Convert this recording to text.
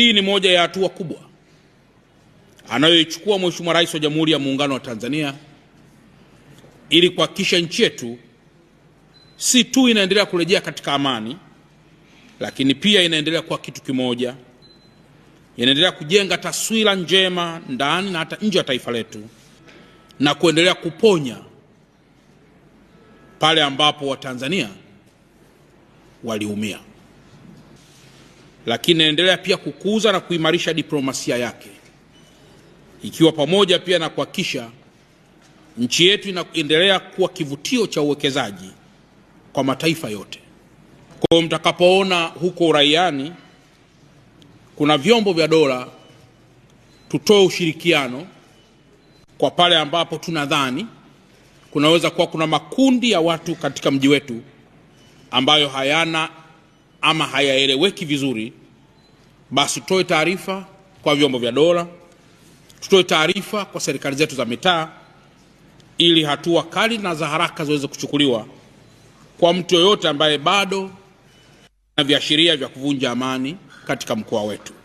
Hii ni moja ya hatua kubwa anayoichukua Mheshimiwa Rais wa Jamhuri ya Muungano wa Tanzania ili kuhakikisha nchi yetu si tu inaendelea kurejea katika amani, lakini pia inaendelea kuwa kitu kimoja, inaendelea kujenga taswira njema ndani na hata nje ya taifa letu na kuendelea kuponya pale ambapo Watanzania waliumia lakini inaendelea pia kukuza na kuimarisha diplomasia yake ikiwa pamoja pia na kuhakikisha nchi yetu inaendelea kuwa kivutio cha uwekezaji kwa mataifa yote. Kwa mtakapoona huko uraiani kuna vyombo vya dola, tutoe ushirikiano kwa pale ambapo tunadhani kunaweza kuwa kuna makundi ya watu katika mji wetu ambayo hayana ama hayaeleweki vizuri, basi tutoe taarifa kwa vyombo vya dola, tutoe taarifa kwa serikali zetu za mitaa, ili hatua kali na za haraka ziweze kuchukuliwa kwa mtu yoyote ambaye bado na viashiria vya kuvunja amani katika mkoa wetu.